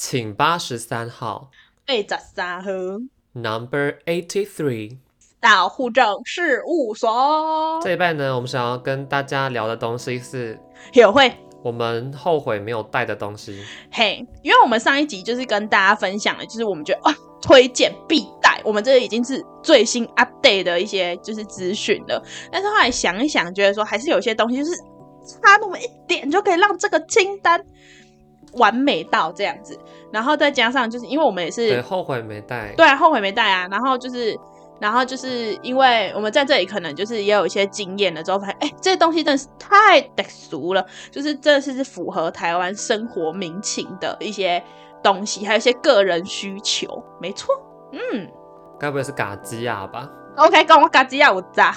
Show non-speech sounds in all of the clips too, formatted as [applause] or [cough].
請八十三號，Number Eighty Three，到護症事務所。這禮拜呢，我們想要跟大家聊的東西是，有會我們後悔沒有帶的東西。嘿，因為我們上一集就是跟大家分享了，就是我們覺得哇、哦，推薦必帶，我們這個已經是最新 update 的一些就是資訊了。但是後來想一想，覺得說還是有些東西就是差那麼一點就可以讓這個清單。完美到這樣子，然後再加上就是因為我們也是後悔沒帶，對、欸，後悔沒帶啊，啊。然後就是，然後就是因為我們在這裡可能就是也有一些經驗了之後，發現哎、欸，這東西真的是太俗了，就是這是符合台灣生活民情的一些東西，還有一些個人需求，沒錯，嗯。該不會是嘎吉亞吧？OK，跟我嘎吉亞有炸。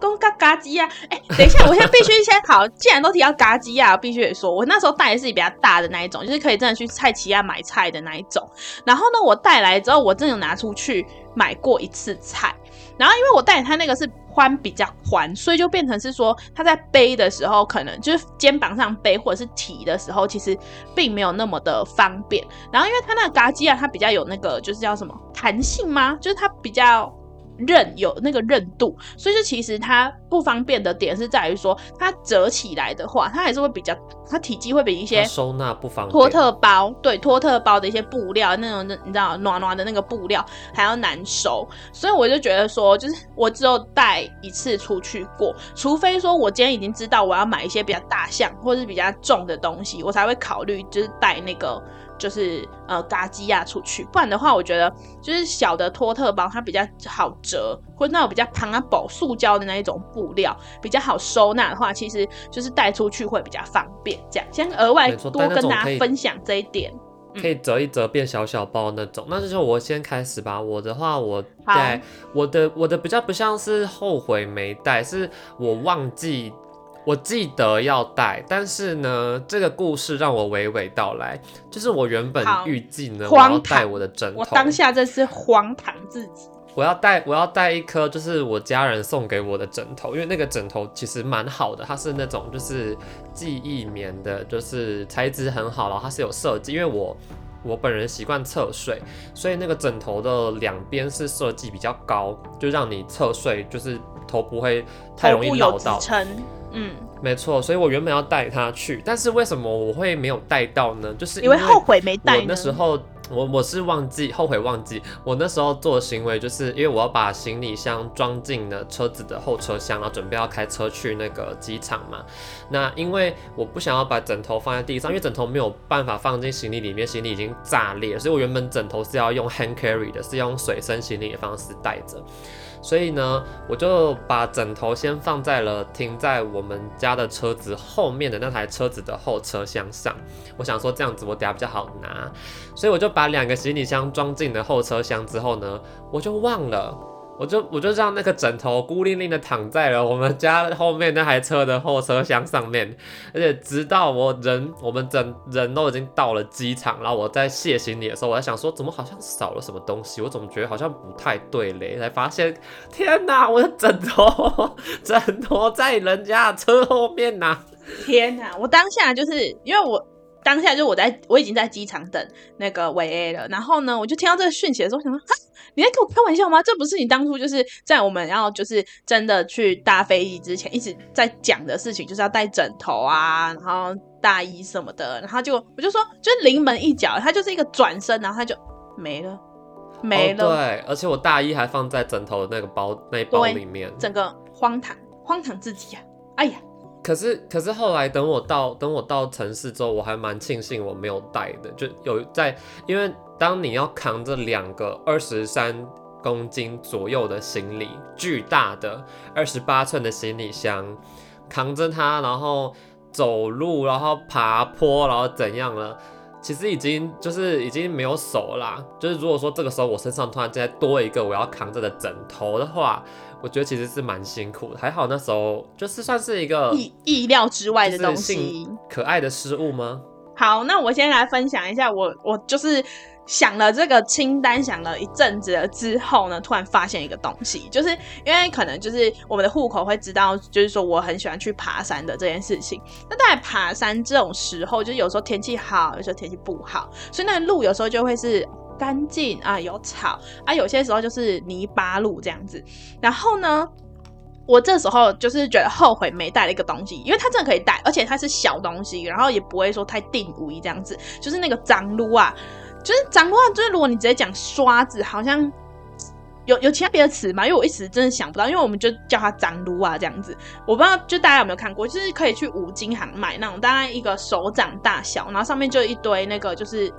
公家 [laughs] 嘎機啊！哎、欸，等一下，我現在必須先 [laughs] 好。既然都提到嘎機啊，我必須得說，我那時候帶的是比較大的那一種，就是可以真的去菜市啊買菜的那一種。然後呢，我帶來之後，我真的有拿出去買過一次菜。然後，因為我帶它那個是寬比較寬，所以就變成是說，它在背的時候，可能就是肩膀上背，或者是提的時候，其實並沒有那麼的方便。然後，因為它那個嘎機啊，它比較有那個，就是叫什麼彈性嗎？就是它比較。韌有那個韌度，所以就其實它不方便的點是在於說，它折起來的話，它還是會比較，它體積會比一些收納不方便托特包，對托特包的一些布料那種，你知道暖暖的那個布料還要難收，所以我就覺得說，就是我只有帶一次出去過，除非說我今天已經知道我要買一些比較大項或者是比較重的東西，我才會考慮就是帶那個。就是呃，嘎機呀出去，不然的話，我覺得就是小的托特包，它比較好折，或者那種比較蓬啊、薄、塑膠的那一種布料比較好收納的話，其實就是帶出去會比較方便。這樣，先額外多跟大家分享這一點。可以折一折變小小包那種。嗯、那就是我先開始吧。我的話我，我帶好我的我的比較不像是後悔沒帶，是我忘記。我記得要帶，但是呢，這個故事讓我娓娓道來。就是我原本預計呢，我要帶我的枕頭。我當下這是荒唐自己。我要帶，我要帶一顆，就是我家人送給我的枕頭，因為那個枕頭其實蠻好的，它是那種就是記憶棉的，就是材質很好了，然後，它是有設計，因為我。我本人習慣側睡，所以那個枕頭的兩邊是設計比較高，就讓你側睡，就是頭不會太容易撓到。頭部有支撐，嗯，沒錯。所以我原本要帶他去，但是為什麼我會沒有帶到呢？就是因為後悔沒帶。我那時候。我我是忘記後悔忘記我那時候做的行為，就是因為我要把行李箱裝進了車子的後車廂，然後準備要開車去那個機場嘛。那因為我不想要把枕頭放在地上，因為枕頭沒有辦法放進行李裡面，行李已經炸裂了，所以我原本枕頭是要用 hand carry 的，是用隨身行李的方式帶着。所以呢，我就把枕頭先放在了停在我們家的車子後面的那台車子的後車廂上。我想說這樣子我等下比較好拿，所以我就把兩個行李箱裝進了後車廂之後呢，我就忘了。我就我就讓那個枕頭孤零零的躺在了我們家後面那台車的後車廂上面，而且直到我人我們整人都已經到了機場，然後我在卸行李的時候，我在想說怎麼好像少了什麼東西，我總覺得好像不太對嘞，才發現天哪，我的枕頭枕頭在人家車後面呢、啊！天哪，我當下就是因為我。當下就我在，我已經在機場等那個維 A 了。然後呢，我就聽到這個訊息的時候，我想說哈，你在跟我開玩笑嗎？這不是你當初就是在我們，要，就是真的去搭飛機之前一直在講的事情，就是要帶枕頭啊，然後大衣什麼的。然後就我就說，就是臨門一腳，他就是一個轉身，然後他就沒了，沒了。Oh, 對，而且我大衣還放在枕頭的那個包那包裡面，整個荒唐，荒唐至極呀！哎呀。可是，可是後來等我到等我到城市之後，我還蠻慶幸我沒有帶的，就有在，因為當你要扛着兩個二十三公斤左右的行李，巨大的二十八寸的行李箱，扛着它，然後走路，然後爬坡，然後怎樣了，其實已經就是已經沒有手啦，就是如果說這個時候我身上突然間多一個我要扛着的枕頭的話。我覺得其實是蠻辛苦的，還好那時候就是算是一個意意料之外的東西，可愛的失誤嗎？好，那我先來分享一下我，我我就是想了這個清單，想了一陣子了之後呢，突然發現一個東西，就是因為可能就是我們的戶口會知道，就是說我很喜歡去爬山的這件事情。那在爬山這種時候，就是、有時候天氣好，有時候天氣不好，所以那路有時候就會是。乾淨啊，有草啊，有些時候就是泥巴路這樣子。然後呢，我這時候就是覺得後悔沒帶了一個東西，因為它真的可以帶，而且它是小東西，然後也不會說太定無疑。這樣子。就是那個髒擼啊，就是髒擼啊，就是如果你直接講刷子，好像有有其他別的詞嗎？因為我一時真的想不到，因為我們就叫它髒擼啊這樣子。我不知道就大家有沒有看過，就是可以去五金行買那種，大概一個手掌大小，然後上面就一堆那個就是。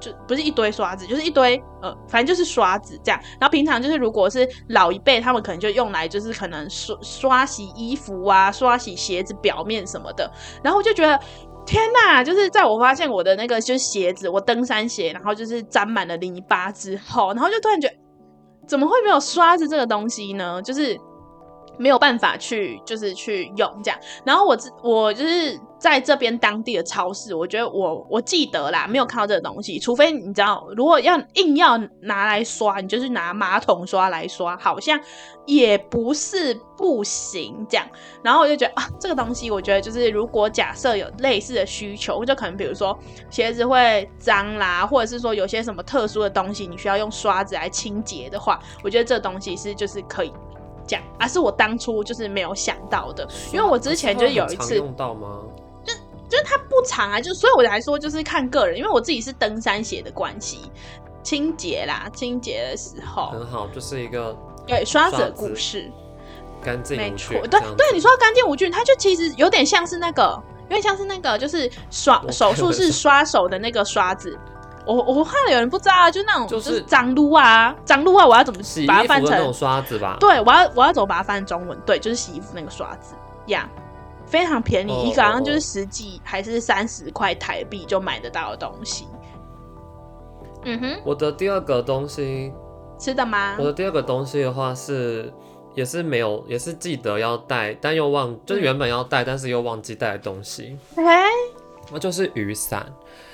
就不是一堆刷子，就是一堆呃，反正就是刷子這樣。然後平常就是如果是老一輩，他們可能就用來就是可能刷刷洗衣服啊，刷洗鞋子表面什麼的。然後我就覺得天哪，就是在我發現我的那個就是鞋子，我登山鞋，然後就是沾滿了泥巴之後，然後就突然覺得怎麼會沒有刷子這個東西呢？就是沒有辦法去就是去用這樣。然後我我就是。在這邊當地的超市，我覺得我我記得啦，沒有看到這個東西。除非你知道，如果要硬要拿來刷，你就是拿馬桶刷來刷，好像也不是不行這樣。然後我就覺得啊，這個東西我覺得就是，如果假設有類似的需求，就可能比如說鞋子會髒啦，或者是說有些什麼特殊的東西你需要用刷子來清潔的話，我覺得這東西是就是可以講。而、啊、是我當初就是沒有想到的，因為我之前就有一次是用到嗎？就是它不長啊，就所以我來說就是看個人，因為我自己是登山鞋的關係，清潔啦，清潔的時候很好，就是一個對、欸、刷子的故事，乾淨無菌。沒錯。對對，你說乾淨無菌，它就其實有點像是那個，有點像是那個，就是刷手術室刷手的那個刷子。Okay, 我我看了有人不知道啊，就是，那種就是髒擼啊髒擼啊我我，我要怎麼把它翻成洗衣服的那種刷子吧。對，我要我要怎麼把它翻成中文？對，就是洗衣服那個刷子呀。Yeah. 非常便宜，一個、哦，好像就是十幾還是三十塊台幣就買得到的東西。嗯哼，我的第二個東西，吃的嗎？我的第二個東西的話是，也是沒有，也是記得要帶，但又忘，嗯、就是原本要帶，但是又忘記帶的東西。哎嘿，那就是雨傘。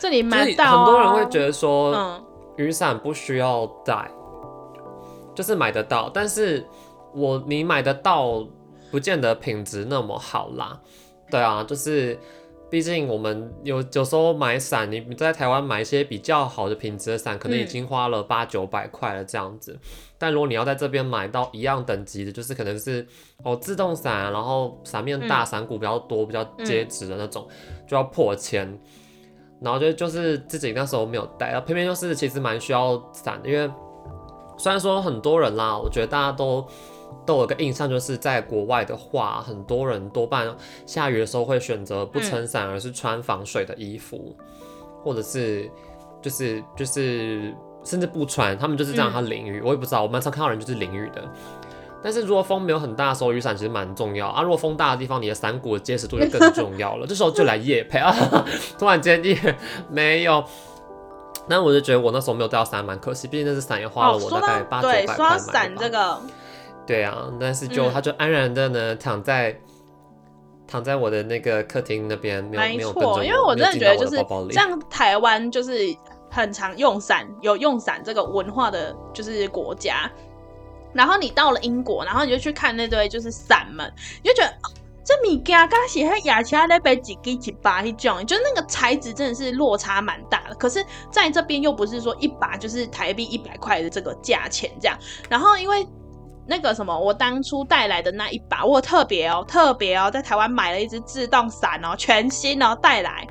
這裡買得到、哦，很多人會覺得說，嗯、雨傘不需要帶，就是買得到，但是我你買得到。不見得品質那麼好啦，對啊，就是，畢竟我們有有時候買傘，你在台灣買一些比較好的品質的傘，可能已經花了八九百塊了這樣子。嗯、但如果你要在這邊買到一樣等級的，就是可能是哦自動傘，然後傘面大、傘骨比較多、比較結實的那種，嗯、就要破千。然後就就是自己那時候沒有帶，然後偏偏就是其實蠻需要傘的，因為雖然說很多人啦，我覺得大家都都有個印象，就是在國外的話，很多人多半下雨的時候會選擇不撐傘，而是穿防水的衣服，嗯、或者是就是就是甚至不穿，他們就是這樣，他、嗯、淋雨，我也不知道，我蠻常看到人就是淋雨的。但是如果風沒有很大的時候，雨傘其實蠻重要啊。如果風大的地方，你的傘骨的結實度就更重要了， [laughs] 這時候就來業配啊。突然間也沒有，那我就覺得我那時候沒有帶傘蠻可惜，畢竟那隻傘也花了我大概八九百塊。對，雙這個。對啊，但是就他就安然的呢、嗯、躺在躺在我的那個客廳那邊，沒有，沒錯，沒有，因為我真的覺得、就是、的包包就是像台灣就是很常用傘，有用傘這個文化的，就是國家。然後你到了英國，然後你就去看那堆就是傘們，你就覺得、哦、這米嘎嘎西黑亞奇阿勒貝幾幾幾把那種，就是、那個材質真的是落差蠻大的。可是在這邊又不是說一把就是台幣一百塊的這個價錢這樣，然後因為。那個什麼，我當初帶來的那一把，我特別哦，特別哦，在台灣買了一支自動傘哦，全新哦，帶來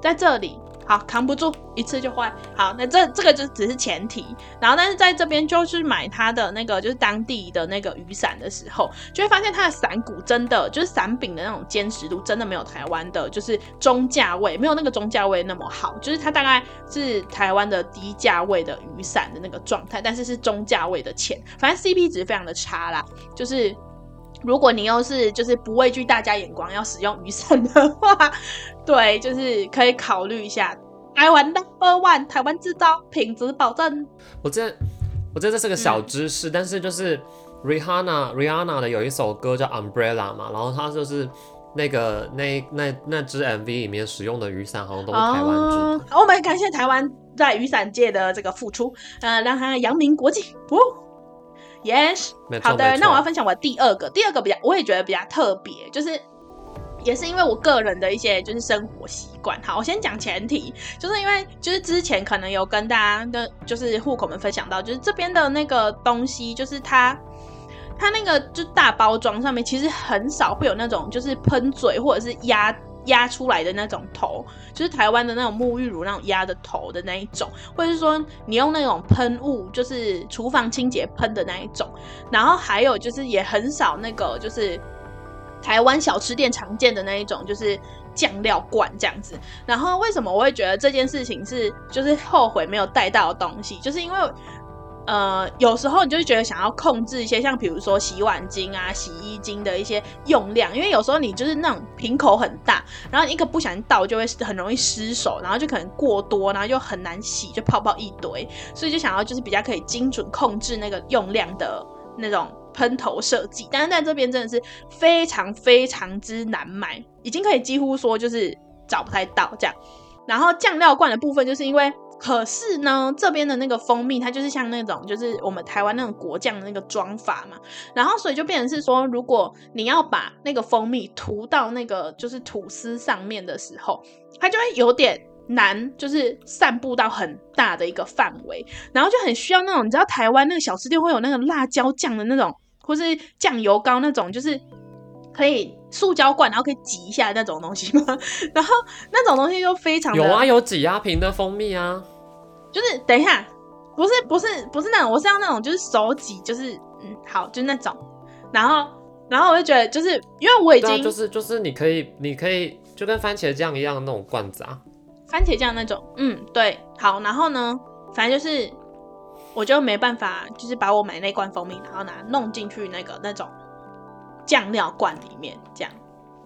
在這裡。好，扛不住一次就壞。好，那這這個就只是前提，然後但是在這邊就是買它的那個就是當地的那個雨傘的時候，就會發現它的傘骨真的就是傘柄的那種堅實度真的沒有台灣的，就是中價位沒有那個中價位那麼好，就是它大概是台灣的低價位的雨傘的那個狀態，但是是中價位的錢，反正 CP 值非常的差啦，就是。如果你又是就是不畏懼大家眼光要使用雨傘的話，對，就是可以考慮一下。台灣 Number One，台灣制造，品質保證。我這，我這這是個小知識，嗯、但是就是 Rihanna Rihanna 的有一首歌叫 Umbrella 嘛，然後它就是那個那那那支 MV 裡面使用的雨傘好像都是台灣制。我們感謝台灣在雨傘界的這個付出，呃，讓它揚名國際。哦、呃。Yes，錯好的，錯那我要分享我的第二個，第二個比較，我也覺得比較特別，就是也是因為我個人的一些就是生活習慣。好，我先講前提，就是因為就是之前可能有跟大家跟就是護口們分享到，就是這邊的那個東西，就是它它那個就大包裝上面其實很少會有那種就是噴嘴或者是壓。壓出來的那種頭，就是台灣的那種沐浴乳那種壓的頭的那一種，或者是說你用那種噴霧，就是廚房清潔噴的那一種，然後還有就是也很少那個就是台灣小吃店常見的那一種，就是醬料罐這樣子。然後為什麼我會覺得這件事情是就是後悔沒有帶到的東西，就是因為。呃，有時候你就覺得想要控制一些，像比如說洗碗精啊、洗衣精的一些用量，因為有時候你就是那種瓶口很大，然後一個不小心倒就會很容易失手，然後就可能過多，然後就很難洗，就泡泡一堆，所以就想要就是比較可以精準控制那個用量的那種噴頭設計。但是在這邊真的是非常非常之難買，已經可以幾乎說就是找不太到這樣。然後醬料罐的部分，就是因為。可是呢，這邊的那個蜂蜜，它就是像那種，就是我們台灣那種果醬的那個裝法嘛。然後，所以就變成是說，如果你要把那個蜂蜜塗到那個就是吐司上面的時候，它就會有點難，就是散布到很大的一個範圍。然後就很需要那種，你知道台灣那個小吃店會有那個辣椒醬的那種，或是醬油膏那種，就是可以塑膠罐，然後可以擠一下的那種東西嗎？然後那種東西就非常有啊，有擠壓瓶的蜂蜜啊。就是等一下，不是不是不是那種，我是要那種就是手擠，就是嗯好，就是那種，然後然後我就覺得就是因為我已經、啊、就是就是你可以你可以就跟番茄醬一樣那種罐子啊，番茄醬那種，嗯對，好，然後呢，反正就是我就沒辦法，就是把我買那罐蜂蜜然後拿弄進去那個那種醬料罐裡面這樣，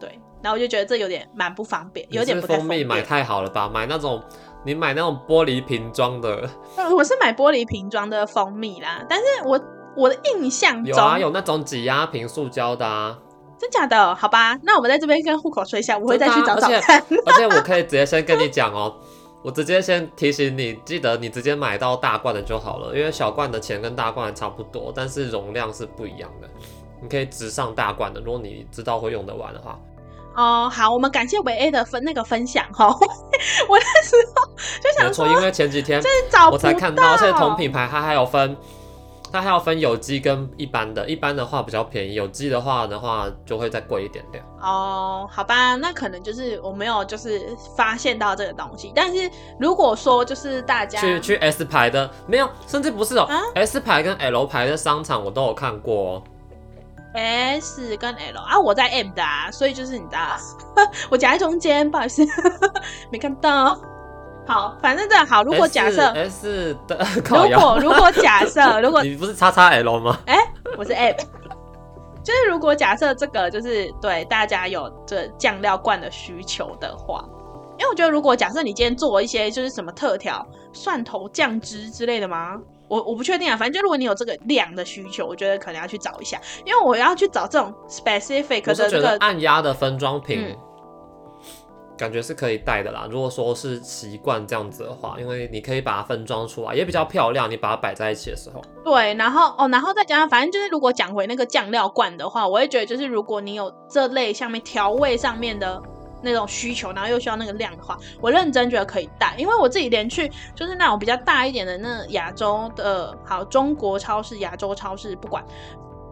對，然後我就覺得這有點蠻不方便，有點不太方便，蜂蜜買太好了吧，買那種。你買那種玻璃瓶裝的，呃，我是買玻璃瓶裝的蜂蜜啦。但是我我的印象有啊，有那種擠壓瓶，塑膠的啊。真假的？好吧，那我們在這邊跟護口說一下，我會再去找找看。而且，而且我可以直接先跟你講哦，喔， [laughs] 我直接先提醒你，記得你直接買到大罐的就好了，因為小罐的錢跟大罐差不多，但是容量是不一樣的。你可以直上大罐的，如果你知道會用得完的話。哦，好，我們感謝維 A 的分那個分享哈。我那時候就想說，沒錯，因為前幾天我才看到，而且同品牌它還有分，它還要分有機跟一般的，一般的話比較便宜，有機的話的話就會再貴一點點。哦，好吧，那可能就是我沒有就是發現到這個東西。但是如果說就是大家去去 S 牌的沒有，甚至不是哦，啊？S 牌跟 L 牌的商場我都有看過喔。S, S 跟 L 啊，我在 M 的，啊，所以就是你的、啊。我夾在中間，不好意思，呵呵沒看到。好，反正這樣好。如果假設 S 的，S, 如果如果假設如果 [laughs] 你不是叉叉 L 嗎？哎、欸，我是 M，就是如果假設這個就是對大家有這醬料罐的需求的話，因、欸、為我覺得如果假設你今天做一些就是什麼特調蒜頭醬汁之類的嗎？我我不確定啊，反正就如果你有這個量的需求，我覺得可能要去找一下，因為我要去找這種 specific 的一、這個我是覺得按壓的分裝瓶，嗯、感覺是可以帶的啦。如果說是習慣這樣子的話，因為你可以把它分裝出來，也比較漂亮，你把它擺在一起的時候，對，然後哦，然後再講，反正就是如果講回那個醬料罐的話，我會覺得就是如果你有這類下面調味上面的，那種需求，然後又需要那個量的話，我認真覺得可以帶，因為我自己連去就是那種比較大一點的那亞洲的好中國超市、亞洲超市，不管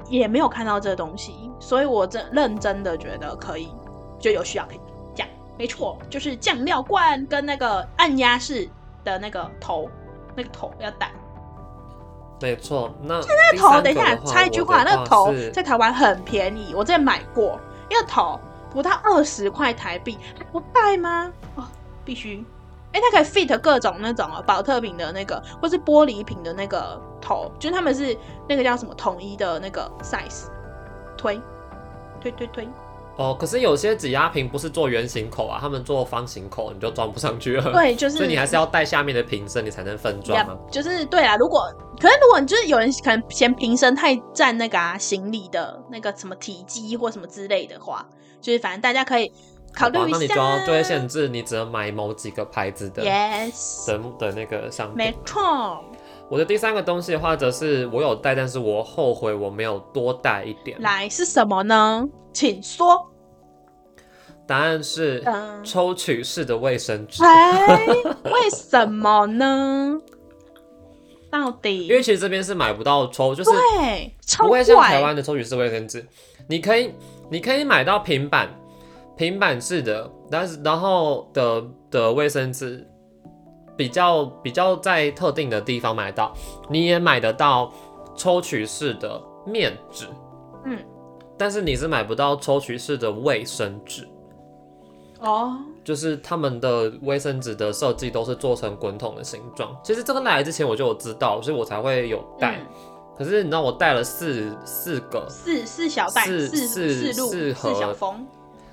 也沒有看到這個東西，所以我真認真的覺得可以，就有需要可以講。沒錯，就是醬料罐跟那個按壓式的那個頭，那個頭要帶。沒錯，那那個頭，個等一下插一句話，的那個頭、哦、在台灣很便宜，我之前買過，因為頭。不到二十塊台幣還不帶嗎？哦，必須。哎、欸，它可以 fit 各種那種保、啊、特瓶的那個，或是玻璃瓶的那個頭，就是他們是那個叫什麼統一的那個 size，推推推推。哦，可是有些擠壓瓶不是做圓形口啊，他們做方形口，你就裝不上去了。對，就是，所以你還是要帶下面的瓶身，你才能分裝、啊啊。就是對啊，如果可是如果你就是有人可能嫌瓶身太佔那個、啊、行李的那個什麼體積或什麼之類的話。就是反正大家可以考慮一下，那你就要會限制你只能買某幾個牌子的，Yes，神的那個商品。沒錯 Metro。我的第三個東西的話，則是我有帶，但是我後悔我沒有多帶一點。來，是什麼呢？請說。答案是抽取式的衛生紙。 [laughs] 哎，為什麼呢？到底？因為其實這邊是買不到抽，就是對，不會像台灣的抽取式衛生紙，你可以。你可以買到平板、平板式的，但是然後的的衛生紙比較比較在特定的地方買到，你也買得到抽取式的面紙，嗯，但是你是買不到抽取式的衛生紙，哦，就是他們的衛生紙的設計都是做成滾筒的形狀。其實這個來之前我就有知道，所以我才會有帶。嗯可是你知道我帶了四四個四四小袋四四四鹿四盒，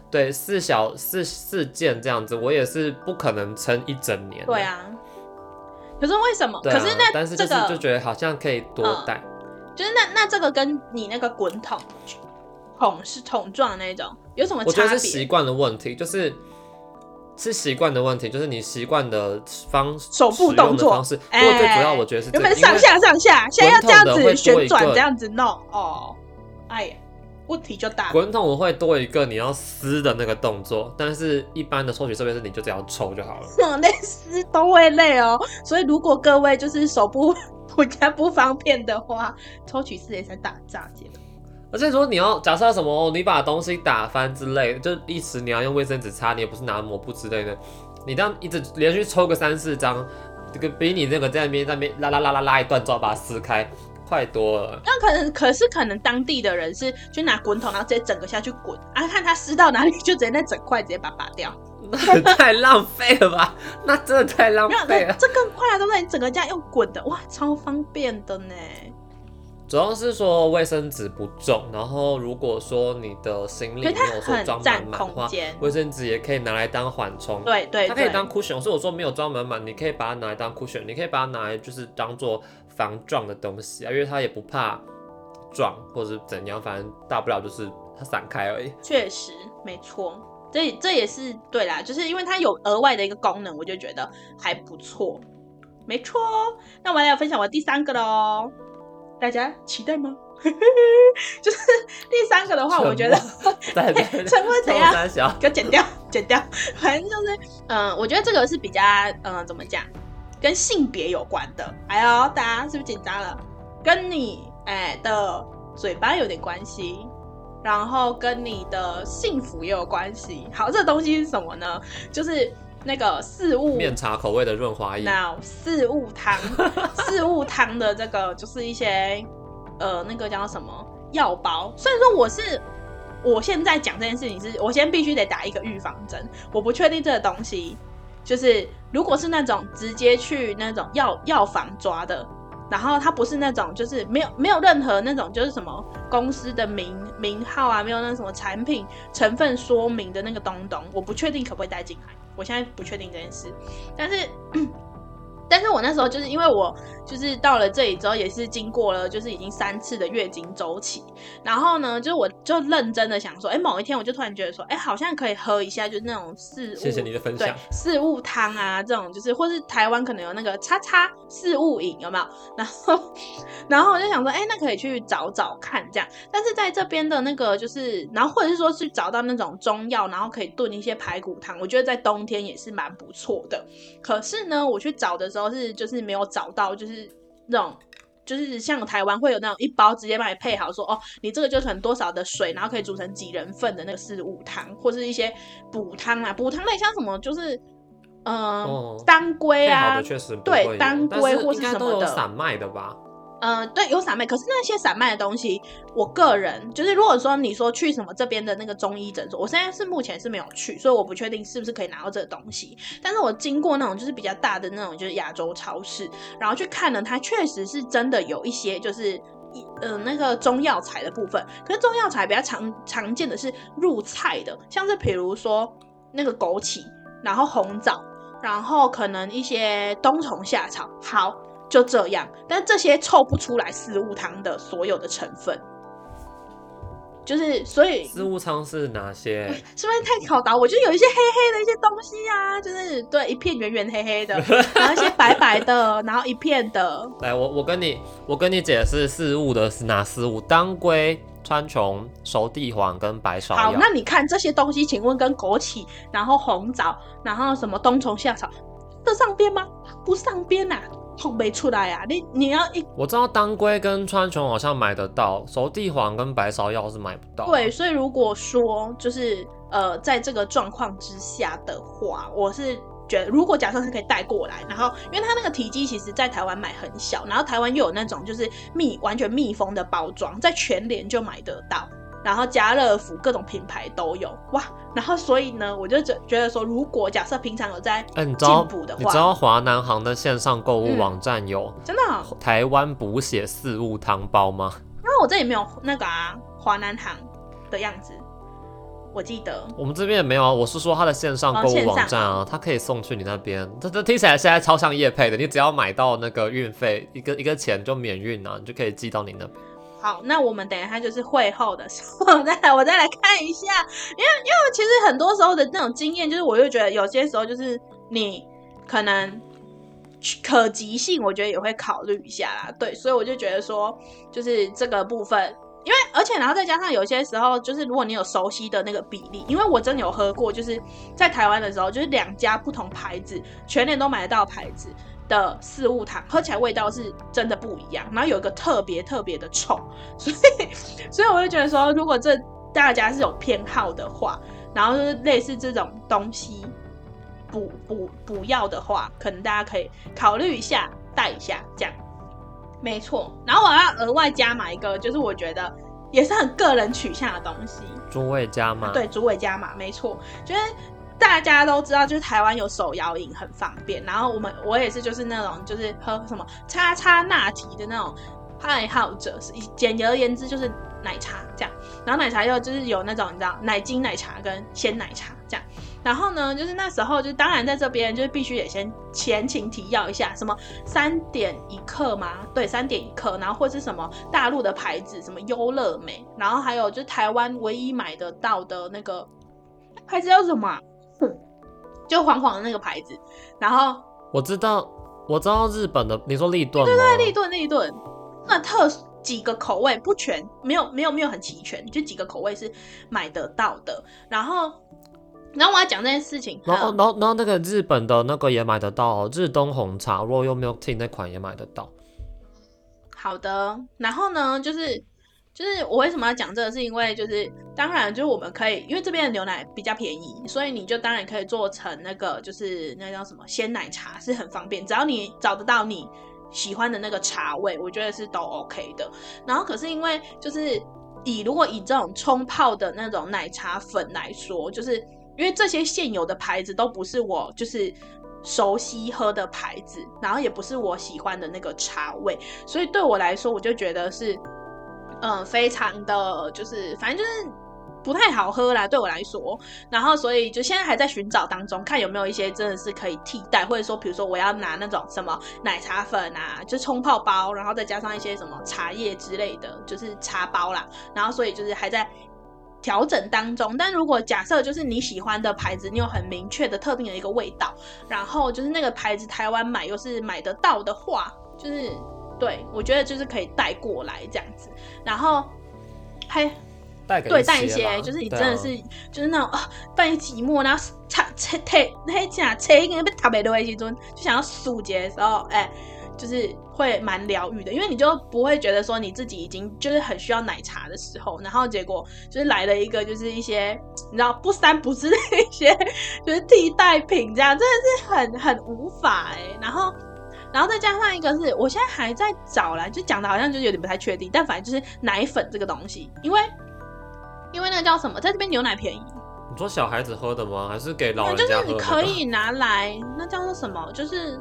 對四小四四件這樣子，我也是不可能撐一整年。對啊，可是為什麼？啊、可是那但是、就是、這個就覺得好像可以多帶、嗯，就是那那這個跟你那個滾筒桶，桶是桶狀的那種有什麼差別？我覺得是習慣的問題，就是。是習慣的問題，就是你習慣的方手部動作方式。最主要我覺得是這個，原本上下上下，現在要這樣子旋轉，這樣子弄哦。哎呀，問題就大了。滾筒會多一個你要撕的那個動作，但是一般的抽取設備是你就這樣抽就好了。那撕 [laughs] 都會累哦，所以如果各位就是手部比較不方便的話，抽取四也三打炸姐。而且說你要假設什麼，你把東西打翻之類，就一時你要用衛生紙擦，你也不是拿抹布之類的，你這樣一直連續抽個三四張，這個比你那個在那邊在那邊拉拉拉拉拉一段之後把它撕開快多了。那可能可是可能當地的人是就拿滾筒，然後直接整個下去滾啊，看他撕到哪裡，就直接那整塊直接把它拔掉。那太浪費了吧？ [laughs] 那真的太浪費了。這更快了，都在你整個這樣用滾的，哇，超方便的呢。主要是說衛生紙不重，然後如果說你的行李沒有說裝滿滿的話，因為它很佔空間。衛生紙也可以拿來當緩衝，對，對對，它可以當 cushion。所以我是說沒有裝滿滿，你可以把它拿來當 cushion，你可以把它拿來就是當做防撞的東西啊，因為它也不怕撞或者怎樣，反正大不了就是它散開而已。確實，沒錯，這這也是對啦，就是因為它有額外的一個功能，我就覺得還不錯，沒錯。那我們來要分享我第三個嘍。大家期待嗎？ [laughs] 就是第三個的話，全部我覺得會怎樣？剪掉，剪掉。反正就是，嗯、呃，我覺得這個是比較，嗯、呃，怎麼講，跟性別有關的。哎呦，大家是不是緊張了？跟你哎的嘴巴有點關係，然後跟你的幸福也有關係。好，這個東西是什麼呢？就是。那個四物面茶口味的潤滑液，now 四物湯，四物湯的這個就是一些 [laughs] 呃，那個叫什麼藥包。雖然說我是我現在講這件事情是，是我先必須得打一個預防針，我不確定這個東西，就是如果是那種直接去那種藥藥房抓的。然後它不是那種，就是沒有沒有任何那種，就是什麼公司的名名號啊，沒有那什麼產品成分說明的那個東東，我不確定可不可以帶進來，我現在不確定這件事，但是。 [coughs] 但是我那時候就是因為我就是到了這裡之後也是經過了就是已經三次的月經週期，然後呢，就是我就認真的想說，哎、欸，某一天我就突然覺得說，哎、欸，好像可以喝一下，就是那種四物謝謝你的分享。四物湯啊，這種就是或是台灣可能有那個叉叉四物飲有沒有？然後 [laughs] 然後我就想說，哎、欸，那可以去找找看這樣。但是在這邊的那個就是，然後或者是說去找到那種中藥，然後可以燉一些排骨湯，我覺得在冬天也是蠻不錯的。可是呢，我去找的時候。都是就是沒有找到，就是那種就是像台灣會有那種一包直接幫你配好說，說哦，你這個就是多少的水，然後可以煮成幾人份的那個四物湯，或是一些補湯啊，補湯類像什麼就是嗯，呃哦、當歸啊，實對，當歸或是什麼的，散賣的吧。嗯、呃，對，有散賣，可是那些散賣的東西，我個人就是如果說你說去什麼這邊的那個中醫診所，我現在是目前是沒有去，所以我不確定是不是可以拿到這個東西。但是我經過那種就是比較大的那種就是亞洲超市，然後去看呢，它確實是真的有一些就是，嗯、呃，那個中藥材的部分，可是中藥材比較常常見的是入菜的，像是比如說那個枸杞，然後紅棗，然後可能一些冬蟲夏草，好。就這樣，但這些湊不出來四物湯的所有的成分，就是所以四物湯是哪些，哎？是不是太考倒？我就有一些黑黑的一些東西啊，就是對一片圓圓黑黑的，然後一些白白的， [laughs] 然後一片的。來，我我跟你我跟你解釋四物的是哪四物？當歸、川芎、熟地黃跟白芍。好，那你看這些東西，請問跟枸杞、然後紅棗、然後什麼冬蟲夏草，這上邊嗎？不上邊啊。沒出來啊，你你要一我知道當歸跟川芎好像買得到，熟地黃跟白芍藥是買不到啊。對，所以如果說就是呃，在這個狀況之下的話，我是覺得如果假設是可以帶過來，然後因為它那個體積其實在台灣買很小，然後台灣又有那種就是密完全密封的包裝，在全聯就買得到。然後家樂福各種品牌都有哇，然後所以呢，我就覺覺得說，如果假設平常有在進補的話，你知道華南行的線上購物網站有真的台灣補血四物湯包嗎？因為、嗯啊、我這裡沒有那個啊，華南行的樣子，我記得我們這邊也沒有啊。我是說它的線上購物網站啊，哦、它可以送去你那邊，它這，這聽起來現在超像業配的，你只要買到那個運費一個一個錢就免運了、啊，你就可以寄到你那邊。好，那我們等一下就是會後的時候，再來我再來看一下，因為因為其實很多時候的那種經驗，就是我就覺得有些時候就是你可能可及性，我覺得也會考慮一下啦。對，所以我就覺得說，就是這個部分，因為而且然後再加上有些時候，就是如果你有熟悉的那個比例，因為我真的有喝過，就是在台灣的時候，就是兩家不同牌子，全年都買得到牌子。的四物湯喝起來味道是真的不一樣，然後有一個特別特別的臭，所以所以我就覺得說，如果這大家是有偏好的話，然後就是類似這種東西補補補藥的話，可能大家可以考慮一下帶一下這樣。沒錯錯，然後我要額外加碼一個，就是我覺得也是很個人取向的東西。主委加碼、啊、對主委加碼沒錯，就是。大家都知道，就是台灣有手搖飲很方便。然後我們我也是就是那種就是喝什麼叉叉那提的那種愛好者，簡而言之就是奶茶這樣。然後奶茶又就是有那種你知道奶精奶茶跟鮮奶茶這樣。然後呢，就是那時候就當然在這邊就是必須得先前情提要一下，什麼三點一刻嘛？對，三點一刻，然後或是什麼大陸的牌子什麼優樂美，然後還有就是台灣唯一買得到的那個牌子叫什麼啊？嗯，就黃黃的那個牌子，然後我知道，我知道日本的，你說立頓嗎？對對，立頓立頓，那特殊幾個口味不全，沒有沒有沒有很齊全，就幾個口味是買得到的。然後，然後我要講這件事情。然後，有然後，然後那個日本的那個也買得到喔，日東紅茶，如果用 royal milk tea 那款也買得到。好的，然後呢，就是。就是我為什麼要講這個，是因為就是當然，就是我們可以，因為這邊的牛奶比較便宜，所以你就當然可以做成那個，就是那叫什麼鮮奶茶，是很方便。只要你找得到你喜歡的那個茶味，我覺得是都 OK 的。然後可是因為就是以如果以這種沖泡的那種奶茶粉來說，就是因為這些現有的牌子都不是我就是熟悉喝的牌子，然後也不是我喜歡的那個茶味，所以對我來說，我就覺得是。嗯，非常的，就是反正就是不太好喝啦。對我來說。然後所以就現在還在尋找當中，看有沒有一些真的是可以替代，或者說比如說我要拿那種什麼奶茶粉啊，就沖泡包，然後再加上一些什麼茶葉之類的，就是茶包啦。然後所以就是還在調整當中。但如果假設就是你喜歡的牌子，你有很明確的特定的一個味道，然後就是那個牌子台灣買，又是買得到的話，就是。對，我覺得就是可以帶過來這樣子，然後還帶對帶一些，就是你真的是就是那種哦，半夜寂寞然後拆拆拆那些啊，拆一根被打沒的東西，就就想要舒解的時候，哎，就是會蠻療癒的，因為你就不會覺得說你自己已經就是很需要奶茶的時候，然後結果就是來了一個就是一些你知道不三不四的一些就是替代品，這樣真的是很很無法哎，然後。然後再加上一個是我現在還在找啦，就講的好像就有點不太確定，但反正就是奶粉這個東西，因為因為那個叫什麼，在這邊牛奶便宜。你說小孩子喝的嗎？還是給老人家喝的？就是你可以拿來，那叫做什麼？就是。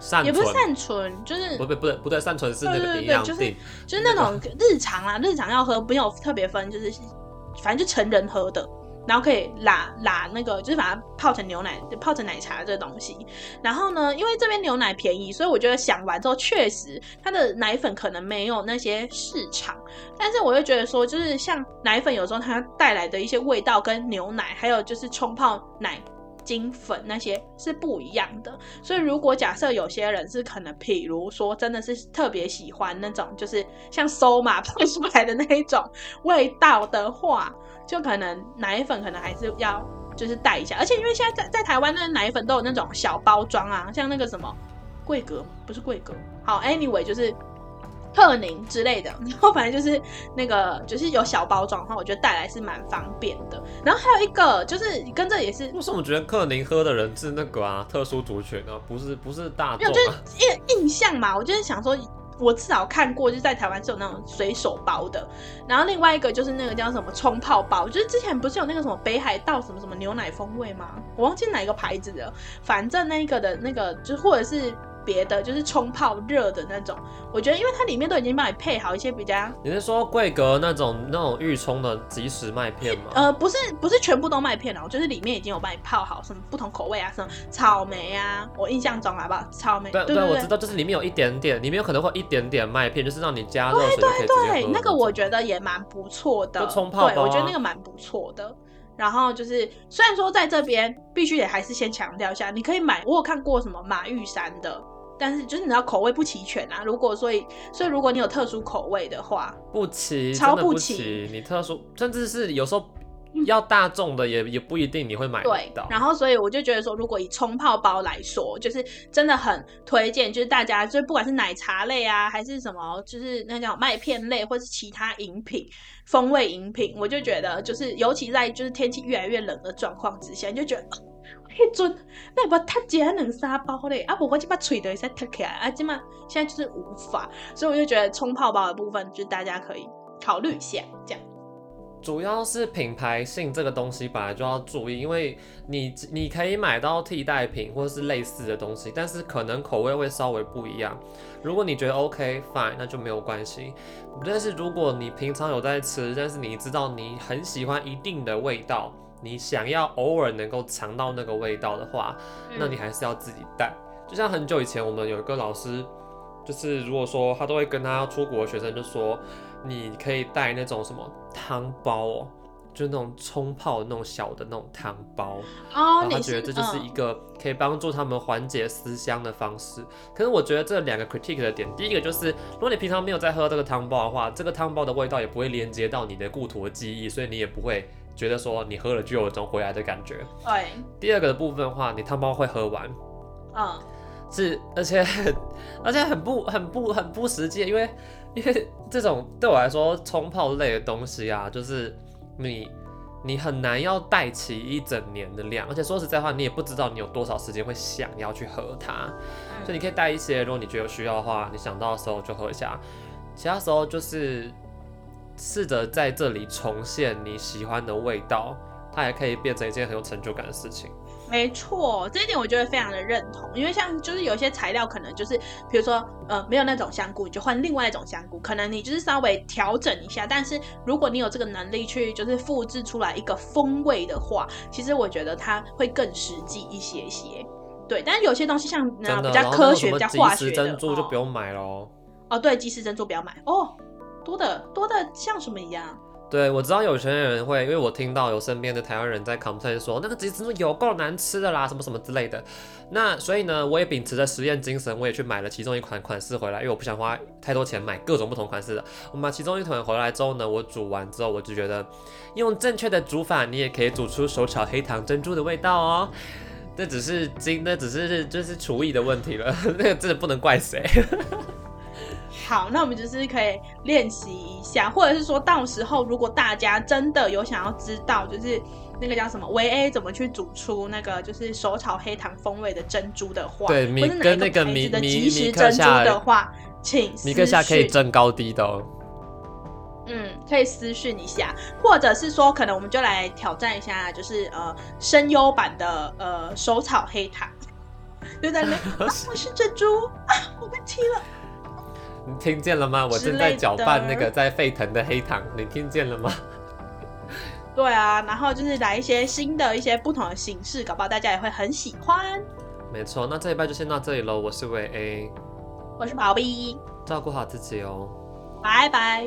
善存。也不是善存，就是。不，不，不，不對不對不對，善存是那個一樣就是就是那種日常啊，那個、日常要喝，不要特別分，就是反正就成人喝的。然後可以拉拉那個，就是把它泡成牛奶，泡成奶茶這東西。然後呢，因為這邊牛奶便宜，所以我覺得想完之後，確實它的奶粉可能沒有那些市場。但是我又覺得說，就是像奶粉有時候它帶來的一些味道跟牛奶，還有就是沖泡奶，金粉那些是不一樣的，所以如果假設有些人是可能，譬如說真的是特別喜歡那種，就是像收嘛噴出來的那一種味道的話，就可能奶粉可能還是要就是帶一下，而且因為現在在在台灣那個奶粉都有那種小包裝啊，像那個什麼桂格，不是桂格，好，anyway 就是。克寧之類的，然後反正就是那個，就是有小包裝的話，我覺得帶來是蠻方便的。然後還有一個就是跟這也是，為什麼覺得克寧喝的人是那個啊，特殊族群啊，不是不是大眾，啊沒有？就是印印象嘛，我就是想說，我至少看過，就是在台灣是有那種隨手包的。然後另外一個就是那個叫什麼沖泡包，就是之前不是有那個什麼北海道什麼什麼牛奶風味嗎？我忘記哪一個牌子的，反正那一個的那個就或者是。別的就是沖泡熱的那種，我覺得因為它裡面都已經幫你配好一些比較。你是說桂格那種那種預沖的即食麥片嗎？呃，不是，不是全部都麥片哦，就是裡面已經有幫你泡好，什麼不同口味啊，什麼草莓啊，我印象中好不好？草莓對對、對對，我知道，就是裡面有一點點，裡面有可能會一點點麥片，就是讓你加熱水可以。對對對，那個我覺得也蠻不錯的。就沖泡、啊，對，我覺得那個蠻不錯的。然後就是，雖然說在這邊必須得還是先強調一下，你可以買。我有看過什麼馬玉山的，但是就是你知道口味不齊全啊。如果所以所以，如果你有特殊口味的話，不齊，超不齊。真的不齊，你特殊，甚至是有時候。要大眾的也也不一定你會買到，對。然後，所以我就覺得說，如果以沖泡包來說，就是真的很推薦，就是大家，就是不管是奶茶類啊，還是什麼，就是那叫麥片類，或是其他飲品、風味飲品，我就覺得，就是尤其在就是天氣越來越冷的狀況之下，你就覺得，一、呃、陣，那、欸、不他加兩三包咧，啊，不過即把吹到一下凸起來，啊，即嘛現在就是無法，所以我就覺得沖泡包的部分，就是大家可以考慮一下這樣。主要是品牌性這個東西本來就要注意，因為你你可以買到替代品或者是類似的東西，但是可能口味會稍微不一樣。如果你覺得 OK, fine，那就沒有關係。但是如果你平常有在吃，但是你知道你很喜歡一定的味道，你想要偶爾能夠嚐到那個味道的話，那你還是要自己帶。嗯。就像很久以前我們有一個老師，就是如果說他都會跟他出國的學生就說。你可以帶那種什麼湯包哦，就那種沖泡的那種小的那種湯包，然後他覺得這就是一個可以幫助他們緩解思鄉的方式。可是我覺得這兩個 critique 的點，第一個就是，如果你平常沒有在喝這個湯包的話，這個湯包的味道也不會連接到你的故土的記憶，所以你也不會覺得說你喝了就有種回來的感覺。對。第二個的部分的話，你湯包會喝完，嗯，是，而且，而且很不，很不，很不實際，因為。因為這種對我來說，沖泡類的東西啊，就是你，你很難要帶齊一整年的量，而且說實在話，你也不知道你有多少時間會想要去喝它，所以你可以帶一些，如果你覺得有需要的話，你想到的時候就喝一下，其他時候就是試着在這裡重現你喜歡的味道。它也可以變成一件很有成就感的事情。沒錯，這一點我覺得非常的認同。因為像就是有些材料可能就是，比如說，呃，沒有那種香菇，你就換另外一種香菇，可能你就是稍微調整一下。但是如果你有這個能力去就是複製出來一個風味的話，其實我覺得它會更實際一些些。對，但是有些東西像那比較科學、比較化學的，珍珠、哦、就不用買咯。哦，對，即食珍珠不要買哦。多的多的像什麼一樣？對，我知道有些人會，因為我聽到有身邊的台灣人在 complain 說，那個珍珠有夠難吃的啦，什麼什麼之類的。那所以呢，我也秉持着實驗精神，我也去買了其中一款款式回來，因為我不想花太多錢買各種不同款式的。我買其中一款回來之後呢，我煮完之後，我就覺得，用正確的煮法，你也可以煮出手炒黑糖珍珠的味道哦。這只是金，那只是就是廚藝的問題了，那 [laughs] 個真的不能怪誰。 [laughs] 好，那我們只是可以練習一下，或者是說到時候，如果大家真的有想要知道，就是那個叫什麼維 a 怎麼去煮出那個就是手炒黑糖風味的珍珠的話，對，跟那個的即食珍珠的米米米克夏的話，請米克夏可以爭高低的，哦，嗯，可以私訊一下，或者是說，可能我們就來挑戰一下，就是呃，聲優版的呃手炒黑糖，就在那，我是珍珠 [laughs] 啊，我被踢了。你聽見了嗎？我正在攪拌那個在沸騰的黑糖。你聽見了嗎？對啊，然後就是來一些新的一些不同的形式，搞不好大家也會很喜歡。沒錯，那這一拜就先到這裡嘍。我是維 A，我是寶貝，照顧好自己哦，拜拜。